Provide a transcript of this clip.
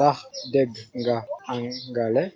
Ndax dégg nga Angale